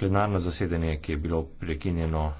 plenarno zasedanje, ki je bilo prekinjeno